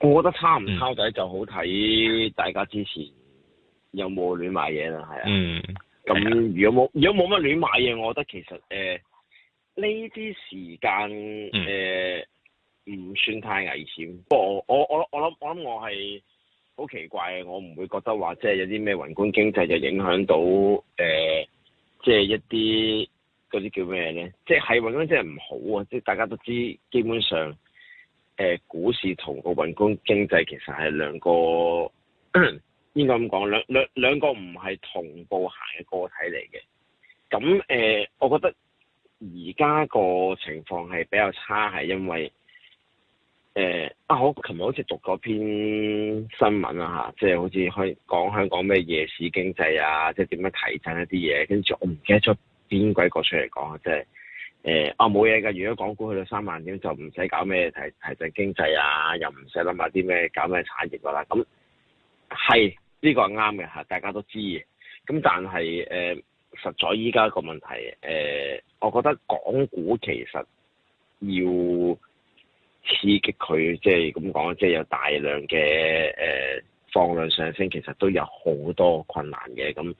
我覺得抄唔抄底就好睇，大家之前有冇亂買嘢啦，係、嗯、啊。嗯。咁如果冇，如果冇乜亂買嘢，我覺得其實誒呢啲時間誒唔、呃、算太危險。不過、嗯、我我我我諗我諗我係好奇怪嘅，我唔會覺得話即係有啲咩宏觀經濟就影響到誒、呃，即係一啲嗰啲叫咩咧？即係係宏觀即係唔好啊！即係大家都知，基本上。誒股市同個運工經濟其實係兩個， 應該咁講，兩兩兩個唔係同步行嘅個體嚟嘅。咁誒、呃，我覺得而家個情況係比較差，係因為誒、呃、啊！我琴日好似讀嗰篇新聞啦嚇，即係好似去講香港咩夜市經濟啊，即係點樣提振一啲嘢，跟住我唔記得咗邊鬼個出嚟講啊，即係。誒、呃，啊冇嘢噶，如果港股去到三萬點就不用，就唔使搞咩提提振經濟啊，又唔使諗下啲咩搞咩產業噶啦。咁係呢個係啱嘅吓，大家都知。咁但係誒、呃，實在依家個問題，誒、呃，我覺得港股其實要刺激佢，即係咁講，即係有大量嘅誒放量上升，其實都有好多困難嘅。咁誒、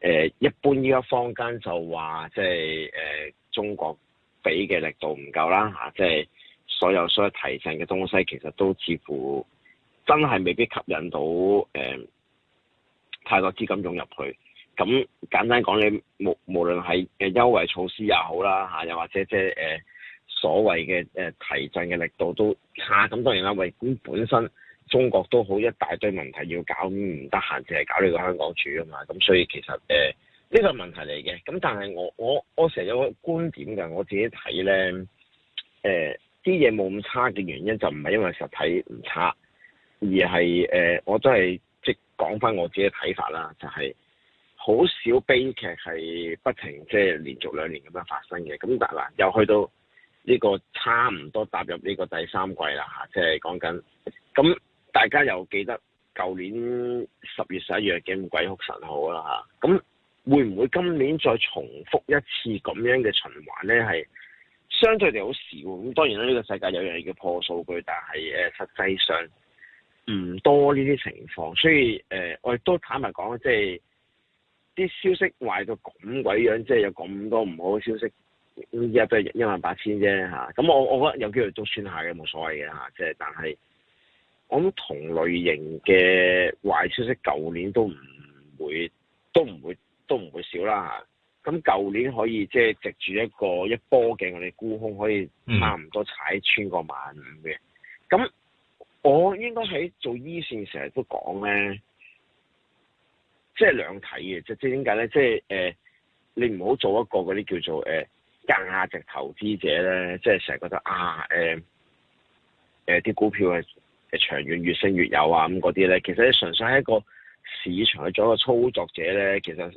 呃，一般依家坊間就話，即係誒中國。俾嘅力度唔夠啦嚇，即係所有所有提振嘅東西，其實都似乎真係未必吸引到誒太多資金湧入去。咁簡單講，你無無論係誒優惠措施又好啦嚇，又或者即係誒所謂嘅誒提振嘅力度都差。咁、啊、當然啦，喂，咁本身中國都好一大堆問題要搞，唔得閒淨係搞呢個香港住啊嘛。咁所以其實誒。呃呢個問題嚟嘅。咁，但係我我我成日有個觀點㗎。我自己睇呢誒啲嘢冇咁差嘅原因就唔係因為實體唔差，而係誒、呃、我都係即係講翻我自己嘅睇法啦。就係、是、好少悲劇係不停即係連續兩年咁樣發生嘅。咁但嗱又去到呢個差唔多踏入呢個第三季啦吓，即係講緊咁大家又記得舊年十月十一月嘅鬼哭神號啦吓。咁。會唔會今年再重複一次咁樣嘅循環咧？係相對地好少的。咁當然啦，呢個世界有樣嘢叫破數據，但係誒實際上唔多呢啲情況。所以誒、呃，我亦都坦白講即係啲消息壞到咁鬼樣，即係有咁多唔好嘅消息。咁依家都係一萬八千啫嚇。咁我我覺得有機會都算下嘅冇所謂嘅嚇。即係但係，我諗同類型嘅壞消息，舊年都唔會，都唔會。都唔會少啦。咁舊年可以即係藉住一個一波嘅我哋沽空，可以差唔多踩穿個萬五嘅。咁我應該喺做 e 線成日都講咧，即係兩睇嘅，即係點解咧？即係誒、呃，你唔好做一個嗰啲叫做誒、呃、價值投資者咧，即係成日覺得啊誒誒啲股票係誒長遠越升越有啊咁嗰啲咧。其實你純粹係一個市場去做一個操作者咧，其實。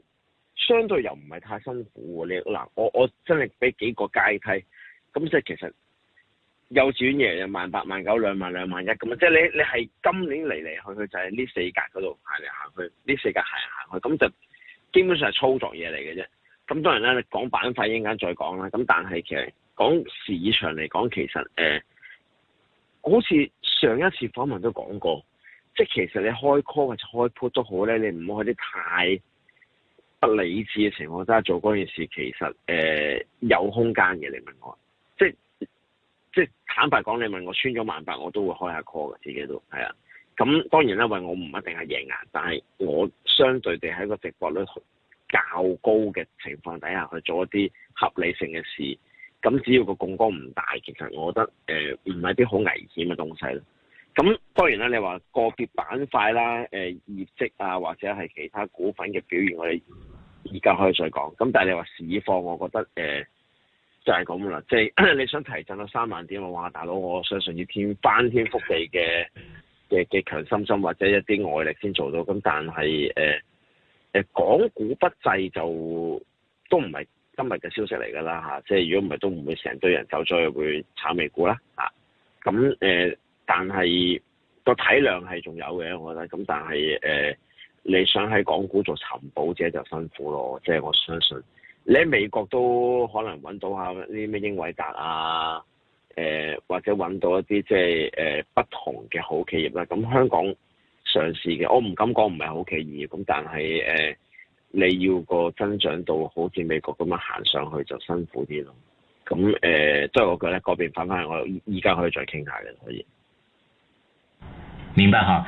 相對又唔係太辛苦，你嗱，我我真係俾幾個階梯，咁即係其實幼稚園嘢，有萬八萬九兩萬兩萬一咁啊！即係你你係今年嚟嚟去去就喺呢四格嗰度行嚟行去，呢四格行嚟行去，咁就基本上係操作嘢嚟嘅啫。咁當然啦，你講板塊一陣間再講啦，咁但係其實講市場嚟講，其實誒，呃、好似上一次訪問都講過，即係其實你開 call 或者開 put 都好咧，你唔好去啲太。不理智嘅情況之下做嗰件事，其實誒、呃、有空間嘅。你問我，即係即係坦白講，你問我穿咗萬八，我都會開下 call 嘅。自己都係啊。咁、嗯、當然啦，為我唔一定係贏硬，但係我相對地喺個直播率較高嘅情況底下，去做一啲合理性嘅事。咁、嗯、只要個槓桿唔大，其實我覺得誒唔係啲好危險嘅東西咯。咁、嗯、當然啦，你話個別板塊啦、誒業績啊，或者係其他股份嘅表現，我哋。而家可以再講，咁但係你話市況，我覺得誒、呃、就係咁啦，即係你想提振到三萬點嘅話，嘅話大佬，我相信要順天翻天覆地嘅嘅嘅強心針或者一啲外力先做到，咁但係誒誒港股不濟就都唔係今日嘅消息嚟㗎啦嚇，即係如果唔係都唔會成堆人走咗去會炒美股啦嚇，咁、啊、誒、呃、但係個體量係仲有嘅，我覺得，咁但係誒。呃你想喺港股做尋寶者就辛苦咯，即係我相信你喺美國都可能揾到下啲咩英偉達啊，誒或者揾到一啲即係誒不同嘅好企業啦。咁香港上市嘅，我唔敢講唔係好企業，咁但係誒你要個增長到好似美國咁樣行上去就辛苦啲咯。咁誒，即係我覺得嗰邊翻返我依家可以再傾下嘅可以。明白嚇。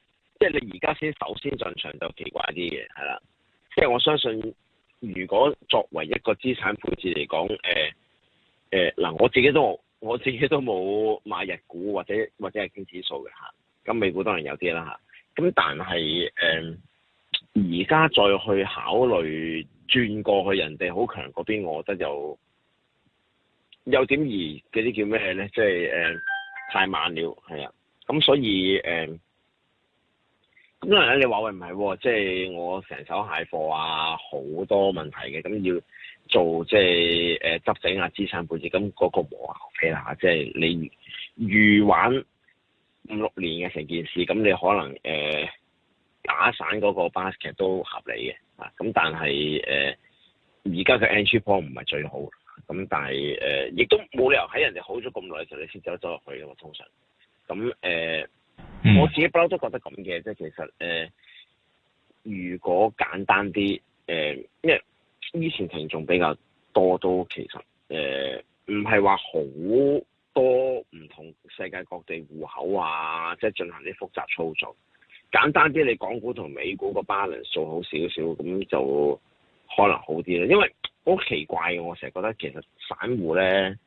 即係你而家先首先進場就奇怪啲嘅，係啦。即係我相信，如果作為一個資產配置嚟講，誒誒嗱，我自己都我自己都冇買日股或者或者係經指數嘅嚇。咁美股當然有啲啦嚇。咁但係誒，呃、而家再去考慮轉過去人哋好強嗰邊，我覺得又有點而嗰啲叫咩咧？即係誒太慢了，係啊。咁所以誒。呃咁因為咧，你話喂唔係喎，即係我成手蟹貨啊，好多問題嘅，咁要做即係誒、呃、執整下資產配置，咁嗰個磨合啊，OK 啦，即係你預玩五六年嘅成件事，咁你可能誒、呃、打散嗰個 basket 都合理嘅，啊，咁但係誒而家嘅 entry point，唔係最好，咁但係誒亦都冇理由喺人哋好咗咁耐嘅時候，你先走咗落去嘅喎，通常，咁誒。呃 Hmm. 我自己不嬲都覺得咁嘅，即係其實誒、呃，如果簡單啲誒、呃，因為以前聽眾比較多，都其實誒唔係話好多唔同世界各地戶口啊，即係進行啲複雜操作。簡單啲，你港股同美股個 balance 做好少少，咁就可能好啲啦。因為好奇怪我成日覺得其實散戶咧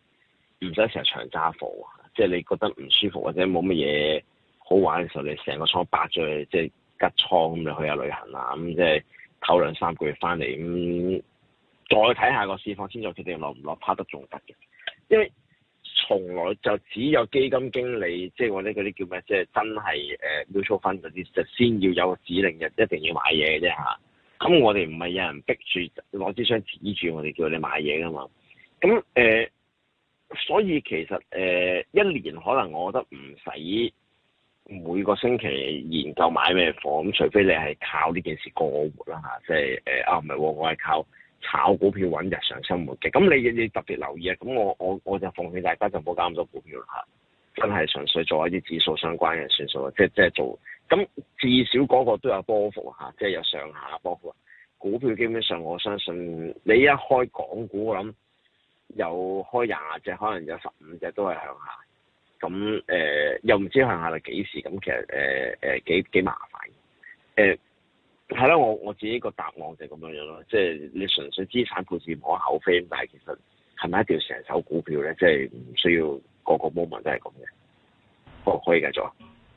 唔使成日長揸貨啊，即係你覺得唔舒服或者冇乜嘢。好玩嘅時候，你成個倉擺咗去，即係吉倉咁，就去下旅行啊咁，即係唞兩三個月翻嚟咁，再睇下個市況先再決定落唔落，拋得仲得嘅。因為從來就只有基金經理，即係或者嗰啲叫咩，即係真係誒 mutual fund 嗰啲，就先要有指令嘅，一定要買嘢啫吓。咁我哋唔係有人逼住攞支槍指住我哋叫你買嘢㗎嘛。咁誒、呃，所以其實誒、呃、一年可能我覺得唔使。每個星期研究買咩貨，咁除非你係靠呢件事過活啦嚇，即係誒啊唔係，我係靠炒股票搵日常生活嘅。咁你你特別留意啊，咁我我我就奉勸大家就唔好搞咁多股票啦嚇，真係純粹做一啲指數相關嘅算數，即係即係做。咁至少嗰個都有波幅嚇，即係有上下波幅。股票基本上我相信你一開港股，我諗有開廿隻，可能有十五隻都係向下。咁誒、嗯呃、又唔知向下嚟幾時，咁其實誒誒幾幾麻煩嘅，誒係啦，我我自己個答案就係咁樣樣咯，即係你純粹資產配置無可厚非，但係其實係咪一定要成手股票咧？即係唔需要個個 moment 都係咁嘅，好可以繼續。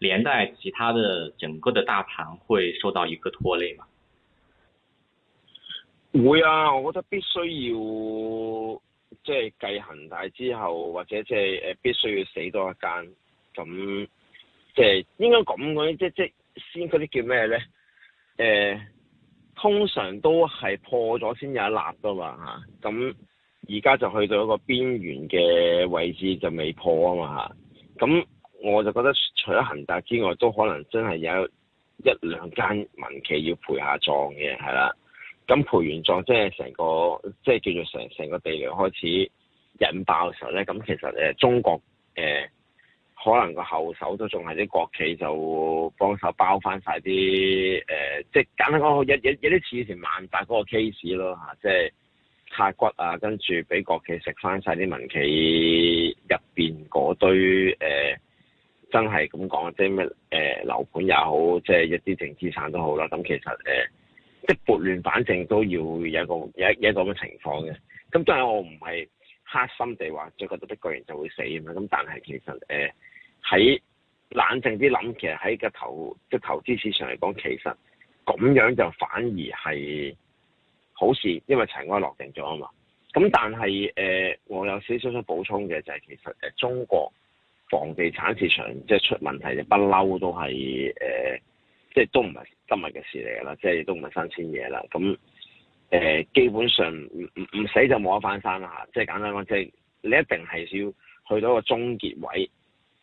連帶其他的整個的大盤會受到一個拖累嘛？會啊，我覺得必須要即係繼恒大之後，或者即係誒必須要死多一間，咁即係應該咁即即先嗰啲叫咩咧？誒、欸，通常都係破咗先有一立噶嘛吓，咁而家就去到一個邊緣嘅位置就未破嘛啊嘛咁。我就覺得除咗恒大之外，都可能真係有一兩間民企要陪下葬嘅，係啦。咁陪完葬，即係成個即係叫做成成個地雷開始引爆嘅時候咧，咁其實誒中國誒、呃、可能個後手都仲係啲國企就幫手包翻晒啲誒，即係簡單講，有有有啲似以前萬達嗰個 case 咯嚇，即係拆骨啊，跟住俾國企食翻晒啲民企入邊嗰堆誒。呃真係咁講，即係咩？誒、呃、樓盤又好，即係一啲淨資產都好啦。咁其實誒、呃，即係撥亂反正都要有個個有一個咁嘅情況嘅。咁當然我唔係黑心地話，最覺得一個人就會死啊嘛。咁但係其實誒，喺、呃、冷靜啲諗，其實喺個投即係投資市場嚟講，其實咁樣就反而係好事，因為塵埃落定咗啊嘛。咁但係誒、呃，我有少少想補充嘅就係、是、其實、呃、中國。房地產市場即係出問題就不嬲，都係誒、呃，即係都唔係今日嘅事嚟啦，即係都唔係新鮮嘢啦。咁誒、呃，基本上唔唔唔死就冇得翻生啦嚇。即係簡單講，即係你一定係要去到一個終結位，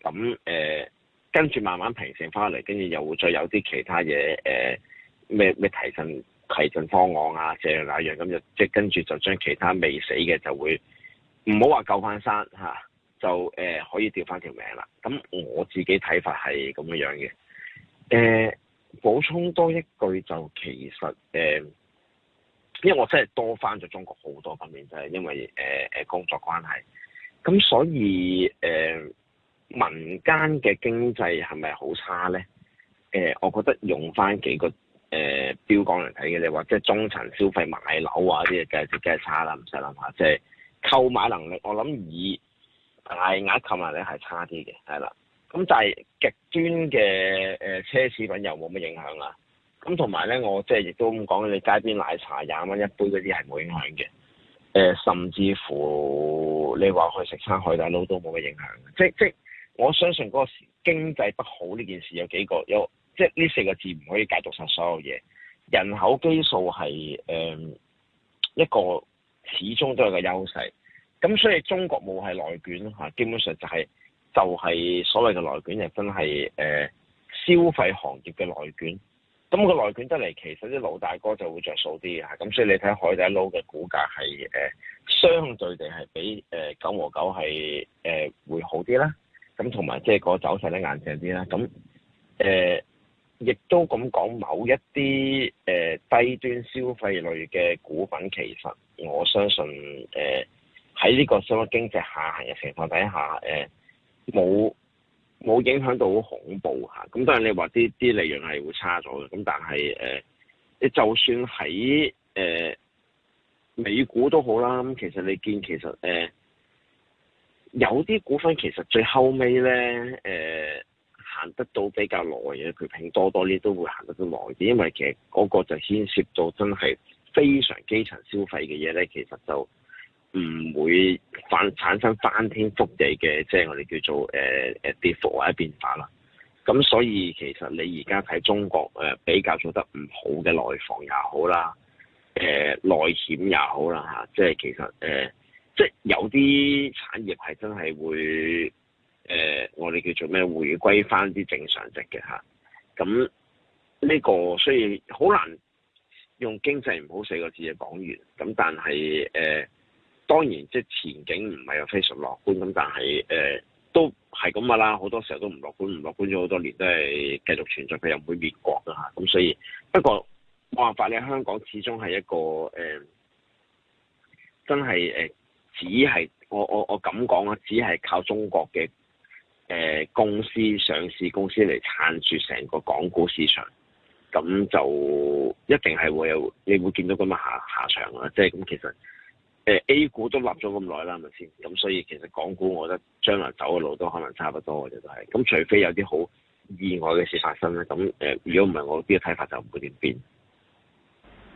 咁誒跟住慢慢平靜翻嚟，跟住又會再有啲其他嘢誒咩咩提振提振方案啊，這那樣咁就即係跟住就將其他未死嘅就會唔好話救翻生嚇。啊就、呃、可以調翻條命啦。咁我自己睇法係咁樣嘅。誒、呃、補充多一句就其實誒、呃，因為我真係多翻咗中國好多方面，就係因為誒、呃、工作關係。咁所以誒、呃、民間嘅經濟係咪好差咧？誒、呃、我覺得用翻幾個誒、呃、標杆嚟睇嘅啫，或者中層消費買樓啊啲嘢，梗係梗係差啦，唔使諗下。即係購買能力，我諗以大額購物咧係差啲嘅，係啦。咁但係極端嘅誒奢侈品又冇乜影響啦。咁同埋咧，我即係亦都咁講，你街邊奶茶廿蚊一杯嗰啲係冇影響嘅。誒、呃，甚至乎你話去食餐海底撈都冇乜影響。即即我相信嗰個時經濟不好呢件事有幾個有，即係呢四個字唔可以解讀曬所有嘢。人口基數係誒、嗯、一個始終都係個優勢。咁所以中國冇係內卷啦，基本上就係、是、就係、是、所謂嘅內卷，又、就是、真係誒、呃、消費行業嘅內卷。咁、那個內卷得嚟，其實啲老大哥就會着數啲嘅。咁所以你睇海底撈嘅股價係誒、呃、相對地係比誒、呃、九和九係誒、呃、會好啲啦。咁同埋即係個走勢咧硬淨啲啦。咁誒、呃、亦都咁講，某一啲誒、呃、低端消費類嘅股份，其實我相信誒。呃喺呢個商業經濟下行嘅情況底下，誒冇冇影響到好恐怖嚇。咁當然你話啲啲利潤係會差咗嘅，咁但係誒，你、呃、就算喺誒、呃、美股都好啦。咁其實你見其實誒、呃、有啲股份其實最後尾咧，誒、呃、行得到比較耐嘅，譬如拼多多呢，都會行得到耐啲，因為其實嗰個就牽涉到真係非常基層消費嘅嘢咧，其實就。唔會翻產生翻天覆地嘅，即係我哋叫做誒誒跌幅或者變化啦。咁所以其實你而家喺中國誒比較做得唔好嘅內房也好啦，誒內險也好啦嚇，即係其實誒即係有啲產業係真係會誒我哋叫做咩，回歸翻啲正常值嘅嚇。咁呢個雖然好難用經濟唔好四個字嘅講完。咁但係誒。呃當然，即係前景唔係話非常樂觀咁，但係誒、呃、都係咁嘅啦。好多時候都唔樂觀，唔樂觀咗好多年都係繼續存在，佢又唔會滅國啦嚇。咁、啊、所以不過冇辦法，你喺香港始終係一個誒、呃，真係誒只係我我我咁講啦，只係靠中國嘅誒、呃、公司上市公司嚟撐住成個港股市場，咁就一定係會有你會見到咁嘅下下場啦、啊。即係咁、嗯、其實。誒、呃、A 股都立咗咁耐啦，係咪先？咁所以其實港股，我覺得將來走嘅路都可能差不多嘅啫，我都係。咁除非有啲好意外嘅事發生咧，咁誒、呃，如果唔係，我呢個睇法就唔會點變。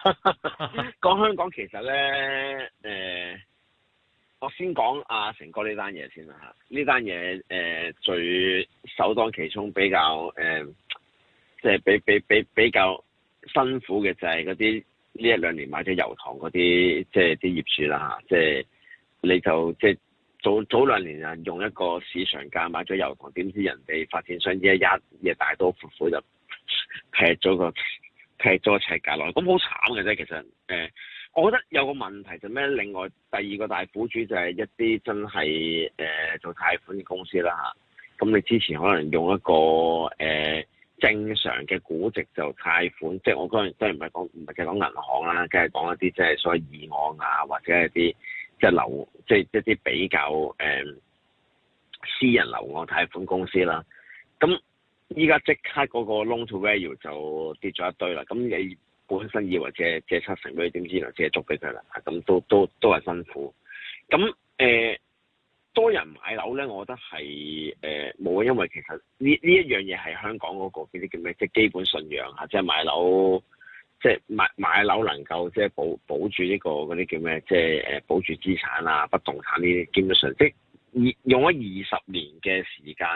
講香港其實咧，誒、呃，我先講阿、啊、成哥呢單嘢先啦吓，呢單嘢誒最首當其衝比較誒、呃，即係比比比比較辛苦嘅就係嗰啲呢一兩年買咗油塘嗰啲，即係啲業主啦吓，即係你就即係早早兩年用一個市場價買咗油塘，點知人哋發展商這一這一嘢大多款款就劈咗個。劈咗一齊價落，咁好慘嘅啫。其實，誒、呃，我覺得有個問題就咩？另外第二個大苦主就係一啲真係誒、呃、做貸款嘅公司啦。吓，咁你之前可能用一個誒、呃、正常嘅估值做貸款，即係我當然唔係講唔係講銀行啦，梗係講一啲即係所謂二按啊，或者係啲即係樓即係啲比較誒、呃、私人樓按貸款公司啦。咁依家即刻嗰個 loan to value 就跌咗一堆啦，咁你本身以為借借七成俾你，點知咧借足俾佢啦，咁都都都係辛苦。咁誒、呃、多人買樓咧，我覺得係誒冇啊，因為其實呢呢一樣嘢係香港嗰、嗰個啲叫咩，即係基本信仰啊，即係買樓，即係買買樓能夠即係保保住呢、呢個嗰啲叫咩，即係保住資產啊、不動產呢啲基本信仰即二用咗二十年嘅時間。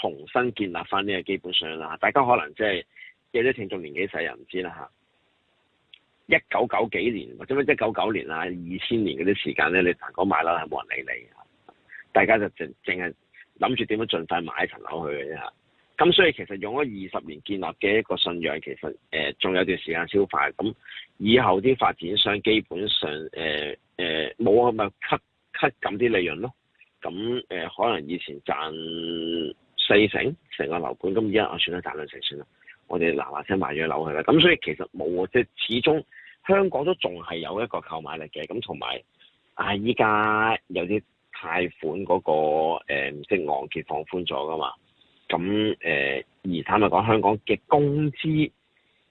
重新建立翻呢個基本上啦，大家可能即係有啲聽眾年紀細又唔知啦嚇。一九九幾年或者咩一九九年啊，二千年嗰啲時間咧，你行街買樓係冇人理你，大家就淨淨係諗住點樣盡快買一層樓去嘅啫。咁所以其實用咗二十年建立嘅一個信仰，其實誒仲、呃、有段時間消化。咁以後啲發展商基本上誒誒冇啊咪 cut cut 減啲利潤咯。咁、呃、誒可能以前賺。四成成個樓盤，咁而家我算得大兩成算啦，我哋嗱嗱聲買咗樓去啦。咁所以其實冇喎，即係始終香港都仲係有一個購買力嘅。咁同埋啊，依家有啲貸款嗰、個誒即係按揭放寬咗噶嘛。咁誒、嗯、而坦白講，香港嘅工資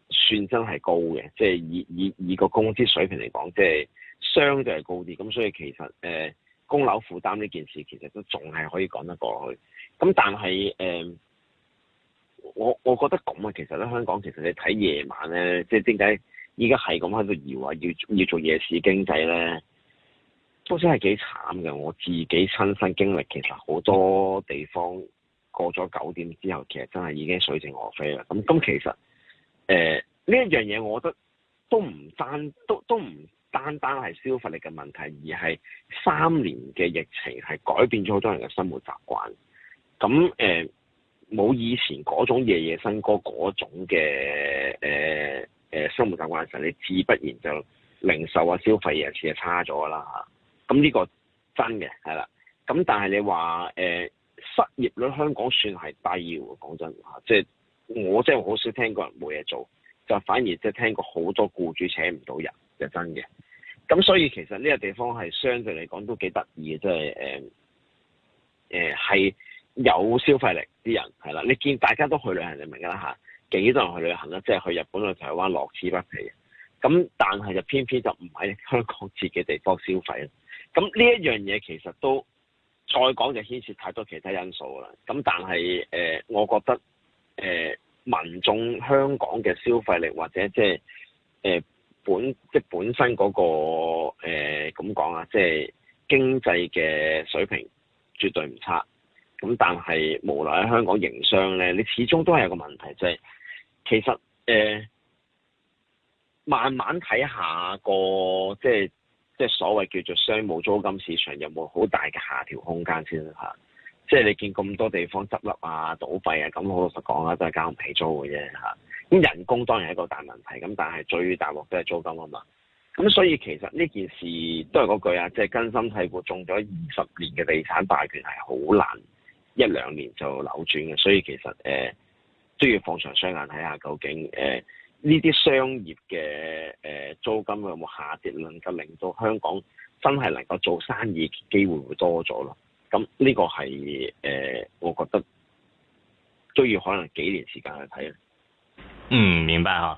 算真係高嘅，即係以以以個工資水平嚟講，即係相對係高啲。咁所以其實誒供、嗯、樓負擔呢件事，其實都仲係可以講得過去。咁、嗯、但係誒、呃，我我覺得咁啊，其實咧，香港其實你睇夜晚咧，即係點解依家係咁喺度搖啊，要要做夜市經濟咧，都真係幾慘嘅。我自己親身，身經歷，其實好多地方過咗九點之後，其實真係已經水靜鵝飛啦。咁、嗯、咁、嗯、其實誒呢一樣嘢，我覺得都唔單都都唔單單係消費力嘅問題，而係三年嘅疫情係改變咗好多人嘅生活習慣。咁誒冇以前嗰種夜夜笙歌嗰種嘅誒、呃呃、生活習慣嘅時候，你自不然就零售啊消費人次就差咗啦。咁呢個真嘅係啦。咁、嗯、但係你話誒、呃、失業率香港算係低㗎，講講真話、啊、即我真係好少聽過人冇嘢做，就反而即係聽過好多僱主請唔到人，就真嘅。咁、嗯、所以其實呢個地方係相對嚟講都幾得意嘅，即係誒係。嗯嗯有消費力啲人係啦，你見大家都去旅行，你明㗎啦嚇幾多人去旅行啦？即係去日本、去台灣，樂此不疲。咁但係就偏偏就唔喺香港自己地方消費。咁呢一樣嘢其實都再講就牽涉太多其他因素啦。咁但係誒、呃，我覺得誒、呃、民眾香港嘅消費力或者即係誒、呃、本即本身嗰、那個咁講啊，即係經濟嘅水平絕對唔差。咁但係，無奈喺香港營商咧，你始終都係有個問題，就係、是、其實誒、呃，慢慢睇下個即係即係所謂叫做商務租金市場有冇好大嘅下調空間先啦。即係你見咁多地方執笠啊、倒閉啊，咁好老實講啦，都係交唔起租嘅啫嚇。咁、啊、人工當然係一個大問題，咁但係最大鑊都係租金啊嘛。咁所以其實呢件事都係嗰句啊，即係根深蒂固，中咗二十年嘅地產霸權係好難。一兩年就扭轉嘅，所以其實誒、呃、都要放長雙眼睇下究竟誒呢啲商業嘅誒、呃、租金有冇下跌，能夠令到香港真係能夠做生意機會會多咗咯。咁呢個係誒，我覺得都要可能幾年時間去睇啊。嗯，明白吓。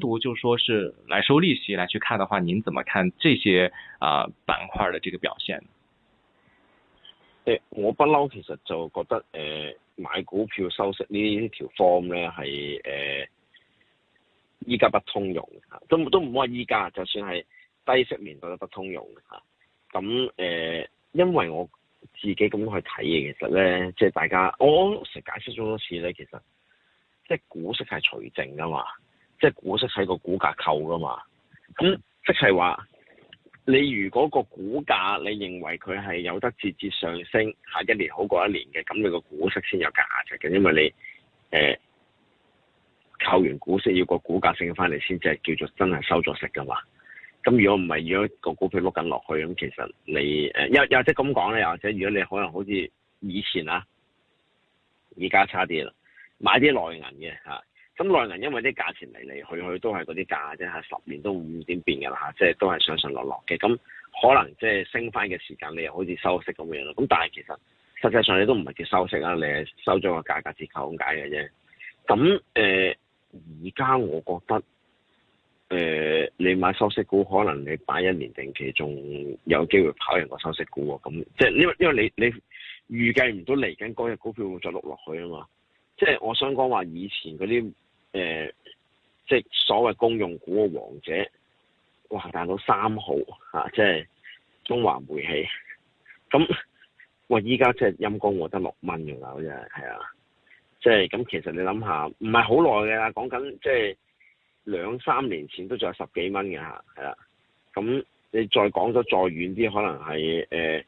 獨就說是來收利息來去看的話，您怎麼看這些啊、呃、板塊的這個表現？欸、我不嬲，其實就覺得誒、呃，買股票收息這條 form 呢條方咧係誒，依家、呃、不通用的都都唔好話依家，就算係低息年代都不通用吓。咁、啊、誒、嗯呃，因為我自己咁去睇嘢，其實咧即係大家，我成日解釋咗多次咧，其實即係股息係隨正噶嘛。即係股息係個股價扣噶嘛。咁即係話你如果個股價你認為佢係有得節節上升，下一年好過一年嘅，咁你個股息先有價值嘅，因為你誒扣、呃、完股息要個股價升翻嚟先，即係叫做真係收咗息噶嘛。咁如果唔係，如果個股票碌緊落去，咁其實你誒又又或者咁講咧，又、呃、或者如果你可能好似以前啊，而家差啲啦，買啲內銀嘅嚇。咁內銀因為啲價錢嚟嚟去去都係嗰啲價啫，嚇十年都唔點變嘅啦，即係都係上上落落嘅。咁可能即係升翻嘅時間，你又好似收息咁樣咯。咁但係其實實際上你都唔係叫收息啊，你係收咗個價格折扣咁解嘅啫。咁誒，呃，而家我覺得誒、呃，你買收息股，可能你擺一年定期仲有機會跑贏個收息股喎。咁即係因為因為你你預計唔到嚟緊嗰日股票會，會再落落去啊嘛。即係我想講話以前嗰啲誒，即係所謂公用股嘅王者，哇！賺到三毫嚇，即係中華煤氣。咁哇，依家即係陰功，我得六蚊嘅喇，好似係啊！即係咁，其實你諗下，唔係好耐嘅啦，講緊即係兩三年前都仲有十幾蚊嘅嚇，係啦、啊。咁你再講咗再遠啲，可能係誒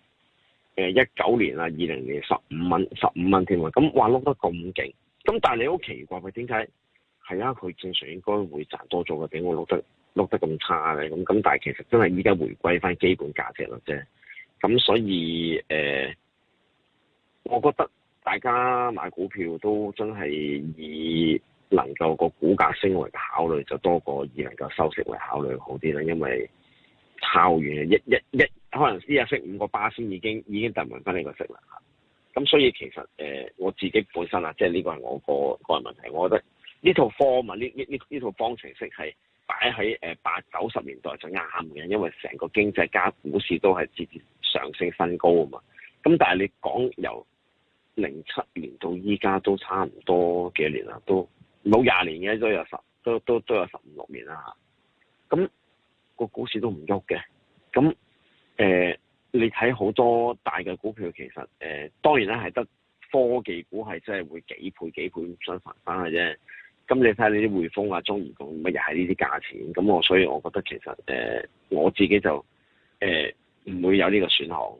誒一九年啊、二零年十五蚊、十五蚊添喎。咁哇，碌得咁勁！咁但係你好奇怪佢點解係啊？佢正常應該會賺多咗嘅，俾我碌得碌得咁差呢。咁咁，但係其實真係依家回歸翻基本價值啦啫。咁所以誒、呃，我覺得大家買股票都真係以能夠個股價升為考慮，就多過以能夠收息為考慮好啲啦。因為靠完一一一，可能一日升五個巴先，已經已經突埋翻呢個息啦。咁、嗯、所以其實誒、呃、我自己本身啊，即係呢個係我個個人問題。我覺得呢套 formula 呢呢呢套方程式係擺喺誒八九十年代就啱嘅，因為成個經濟加股市都係節節上升新高啊嘛。咁、嗯、但係你講由零七年到依家都差唔多幾年啦，都冇廿年嘅，都有十都都都有十五六年啦。咁、嗯、個股市都唔喐嘅，咁、嗯。睇好多大嘅股票，其實誒、呃、當然啦，係得科技股係真係會幾倍幾倍咁生返翻去啫。咁你睇下你啲匯豐啊、中移動乜又係呢啲價錢咁，我所以我覺得其實誒、呃、我自己就誒唔、呃、會有呢個選項。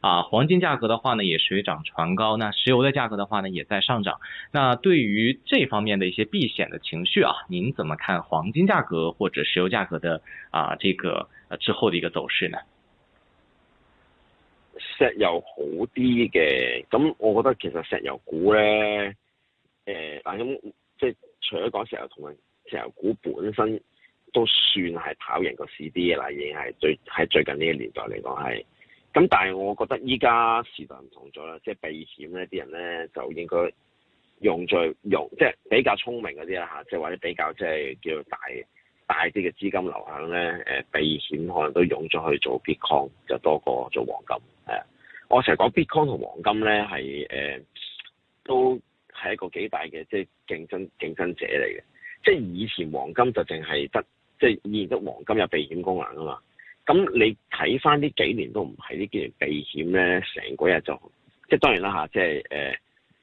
啊，黃金價格的話呢，也水漲船高。那石油的價格的話呢，也在上漲。那對於這方面的一些避險的情緒啊，您怎麼看黃金價格或者石油價格的啊，這個、呃、之後的一個走勢呢？石油好啲嘅，咁我覺得其實石油股咧，誒、呃，嗱，咁即係除咗講石油同埋石油股本身都算係跑贏個市啲嘅啦，已經係最喺最近呢個年代嚟講係。咁但係我覺得依家時代唔同咗啦，即係避險咧啲人咧就應該用在用，即係比較聰明嗰啲啊嚇，即係或者比較即係叫做大大啲嘅資金流向咧，誒避險可能都用咗去做 Bitcoin 就多過做黃金，我成日講 Bitcoin 同黃金咧係誒都係一個幾大嘅即係競爭競爭者嚟嘅，即係以前黃金就淨係得即係以前得黃金有避險功能啊嘛。咁你睇翻呢幾年都唔係呢幾年避險咧，成個日就即係當然啦即係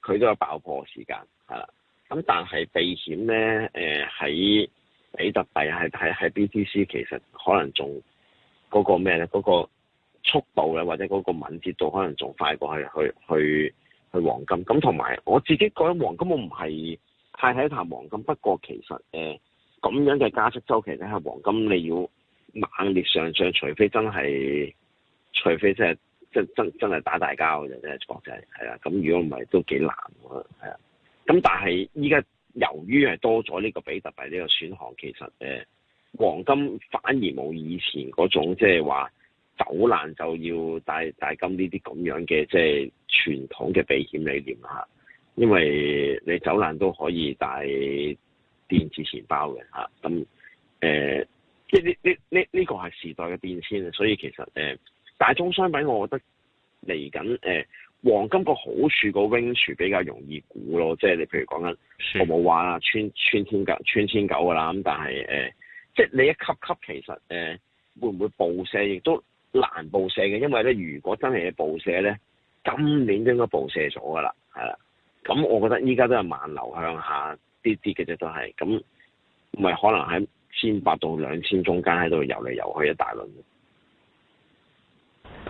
佢、呃、都有爆破時間啦。咁但係避險咧，喺、呃、比特幣喺喺 BTC，其實可能仲嗰個咩咧？嗰、嗰個速度咧，或者嗰個敏捷度可能仲快過去去去去黃金。咁同埋我自己覺得黃金我唔係太睇淡黃金，不過其實咁、呃、樣嘅加息周期咧，係黃金你要。猛烈上上，除非真係，除非真係，真真真係打大交嘅啫，真係國際係啦。咁如果唔係都幾難的，係啊。咁但係依家由於係多咗呢個比特幣呢個選項，其實誒、呃、黃金反而冇以前嗰種即係話走難就要帶帶金呢啲咁樣嘅即係傳統嘅避險理念啦。因為你走難都可以帶電子錢包嘅嚇，咁、啊、誒。呃即係呢呢呢呢個係時代嘅變遷啊，所以其實、呃、大宗商品，我覺得嚟緊誒黃金個好處個位置比較容易估咯，即係你譬如講緊我冇話啦，穿穿天價穿千九㗎啦，咁但係、呃嗯、即係你一級級，其實誒、呃、會唔會爆瀉？亦都難爆瀉嘅，因為咧如果真係要爆瀉咧，今年應該爆瀉咗㗎啦，係啦，咁我覺得依家都係慢流向下跌啲嘅啫，都係咁，唔係可能喺，千八到兩千中間喺度游嚟游去一大輪。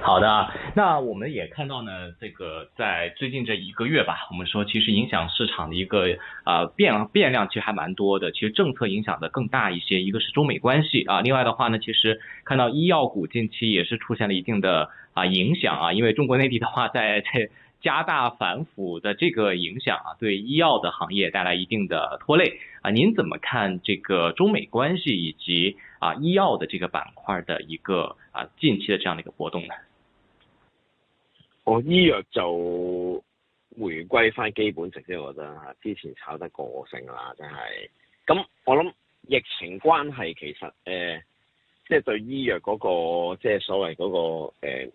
好的，那我們也看到呢，這個在最近這一個月吧，我們說其實影響市場的一個啊、呃、變變量其實還蠻多的，其實政策影響的更大一些，一個是中美關係啊，另外的話呢，其實看到醫藥股近期也是出現了一定的啊影響啊，因為中國內地的話在這。在加大反腐的這個影響啊，對醫藥的行業帶來一定的拖累啊，您怎麼看這個中美關係以及啊醫藥的這個板塊的一個啊近期的這樣的一個波動呢？我醫藥就回歸翻基本值啫，我覺得之前炒得過盛啦，真係。咁我諗疫情關係其實誒，即係對醫藥嗰個即係所謂嗰個誒。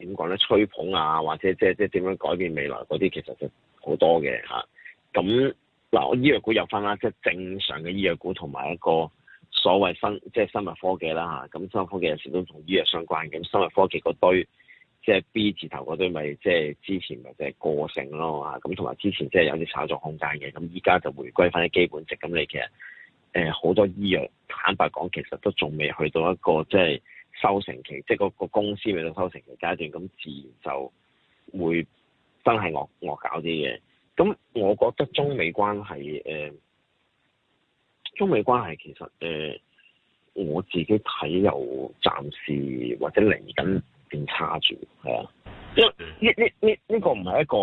點講咧？吹捧啊，或者即係即係點樣改變未來嗰啲，其實就好多嘅吓。咁、啊、嗱，我醫藥股有分啦，即、就、係、是、正常嘅醫藥股同埋一個所謂生即係生物科技啦吓。咁、啊、生物科技有時都同醫藥相關，咁生物科技嗰堆即係、就是、B 字頭嗰堆、就是，咪即係之前或者過剩咯吓。咁同埋之前即係有啲炒作空間嘅，咁依家就回歸翻啲基本值。咁你其實誒好、呃、多醫藥，坦白講，其實都仲未去到一個即係。就是收成期，即係個公司未到收成期階段，咁自然就會真係惡惡搞啲嘢。咁我覺得中美關係，誒、呃，中美關係其實誒、呃，我自己睇又暫時或者嚟緊變差住，係、嗯、啊，因為呢呢呢呢個唔係一個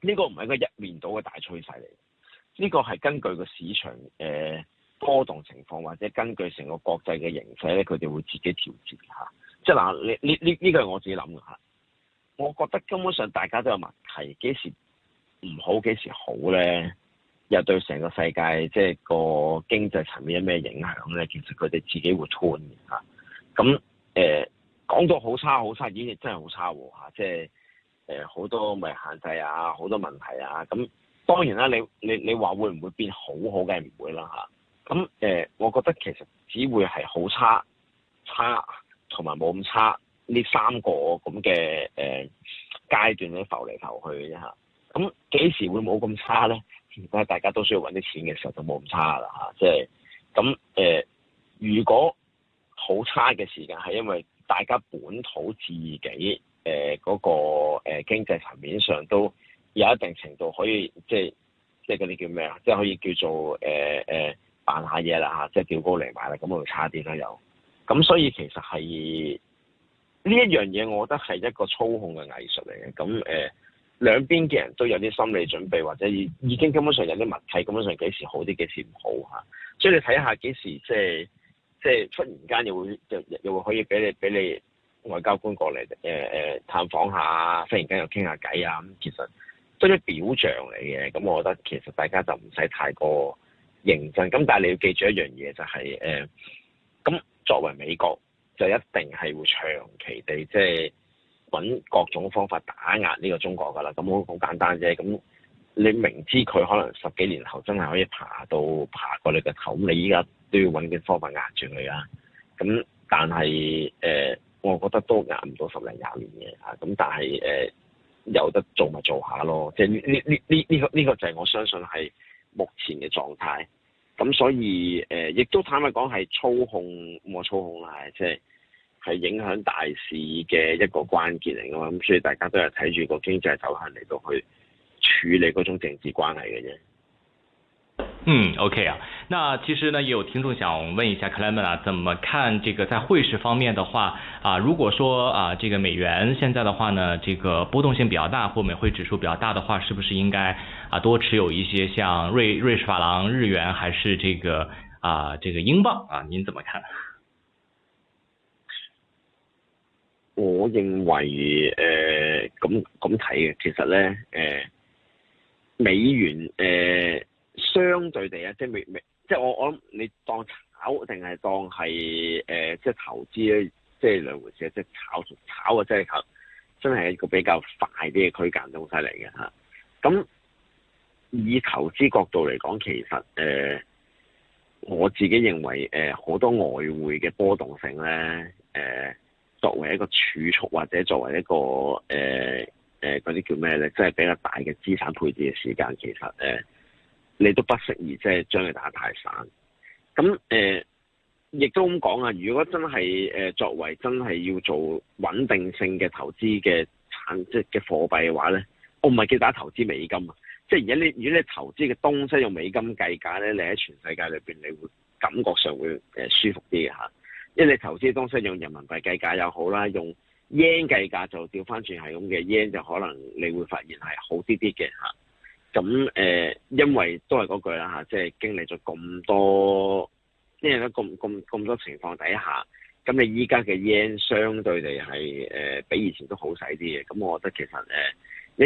呢、呢個唔係一個一面倒嘅大趨勢嚟，呢、呢個係根據個市場誒。呃波動情況或者根據成個國際嘅形勢咧，佢哋會自己調節嚇。即係嗱，你呢呢呢個係我自己諗嘅嚇。我覺得根本上大家都有問題，幾時唔好幾時好咧？又對成個世界即係個經濟層面有咩影響咧？其實佢哋自己會穿 u 嘅，咁誒講到好差好差，已經真係好差喎、啊、即係誒好多咩限制啊，好多問題啊。咁、嗯、當然啦，你你你話會唔會變好好梗嘅？唔會啦嚇。啊。咁誒、呃，我覺得其實只會係好差、差同埋冇咁差呢三個咁嘅誒階段咧浮嚟浮去啫嚇。咁幾時會冇咁差咧？而家大家都需要揾啲錢嘅時候就冇咁差啦嚇，即係咁誒。如果好差嘅時間係因為大家本土自己誒嗰、呃嗰個誒、呃、經濟層面上都有一定程度可以即係即係嗰啲叫咩啊？即係可以叫做誒誒。呃呃扮下嘢啦嚇，即係叫高嚟買啦，咁我差啲啦又，咁所以其實係呢一樣嘢，我覺得係一個操控嘅藝術嚟嘅。咁誒、呃，兩邊嘅人都有啲心理準備，或者已已經根本上有啲默契，根本上幾時好啲，幾時唔好嚇。所以你睇下幾時，即係即係忽然間又會又又會可以俾你俾你外交官過嚟誒誒探訪下，忽然間又傾下偈啊。咁其實都一表象嚟嘅，咁我覺得其實大家就唔使太過，認真，咁但係你要記住一樣嘢就係、是、誒，咁、呃、作為美國就一定係會長期地即係揾各種方法打壓呢個中國㗎啦。咁好好簡單啫，咁你明知佢可能十幾年後真係可以爬到爬過你嘅頭，你依家都要揾啲方法壓住佢啦。咁但係誒、呃，我覺得都壓唔到十零廿年嘅嚇。咁、啊、但係誒、呃，有得做咪做下咯。即係呢呢呢呢呢呢個就係我相信係。目前嘅狀態，咁所以誒，亦都坦白講係操控我操控啦，即係係影響大市嘅一個關鍵嚟㗎嘛，咁所以大家都係睇住個經濟走向嚟到去處理嗰種政治關係嘅啫。嗯，OK 啊，那其實呢，也有聽眾想問一下 Clement 啊，怎麼看這個在匯市方面的話啊，如果說啊，這個美元現在的話呢，這個波動性比較大，或美匯指數比較大的話，是不是應該啊多持有一些像瑞瑞士法郎、日元，還是這個啊這個英鎊啊？您怎麼看？我認為，誒、呃，咁咁睇嘅，其實咧，誒、呃，美元，誒、呃。相對地啊，即係未未，即係我我諗你當炒定係當係誒、呃，即係投資咧，即係兩回事啊，即係炒炒啊，真係炒，真係一個比較快啲嘅區間，東西嚟嘅吓。咁以投資角度嚟講，其實誒、呃，我自己認為誒，好多外匯嘅波動性咧，誒、呃，作為一個儲蓄或者作為一個誒誒嗰啲叫咩咧，即係比較大嘅資產配置嘅時間，其實誒。呃你都不適宜即係將佢打太散，咁誒，亦、呃、都咁講啊！如果真係誒、呃、作為真係要做穩定性嘅投資嘅產，即係嘅貨幣嘅話咧，我唔係叫打投資美金啊！即係而家你如果你投資嘅東西用美金計價咧，你喺全世界裏邊，你會感覺上會誒舒服啲嘅嚇。因為你投資嘅東西用人民幣計價又好啦，用英 e n 計價就調翻轉係咁嘅英，就可能你會發現係好啲啲嘅嚇。咁誒、呃，因為都係嗰句啦嚇，即係經歷咗咁多，咩咧？咁咁咁多情況底下，咁你依家嘅 yen 相對地係誒比以前都好使啲嘅。咁我覺得其實誒、呃、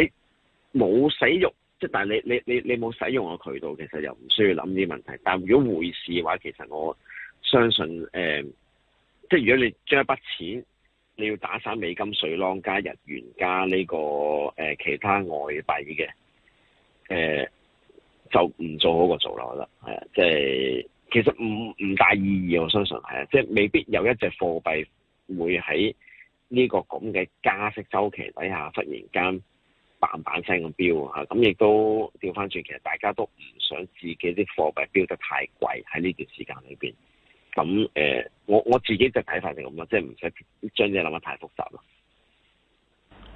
你冇使用，即係但係你你你你冇使用嘅渠道，其實又唔需要諗呢啲問題。但係如果回事嘅話，其實我相信誒、呃，即係如果你將一筆錢你要打散美金、水浪加日元加呢個誒、呃、其他外幣嘅。誒、呃、就唔做好過做啦，我覺得係啊，即係其實唔唔大意義，我相信係啊，即係未必有一隻貨幣會喺呢個咁嘅加息週期底下忽然間砰砰聲咁飆啊，咁、嗯、亦都調翻轉，其實大家都唔想自己啲貨幣飆得太貴喺呢段時間裏邊。咁、嗯、誒、呃，我我自己就睇法就係咁啦，即係唔使將嘢諗得太複雜咯。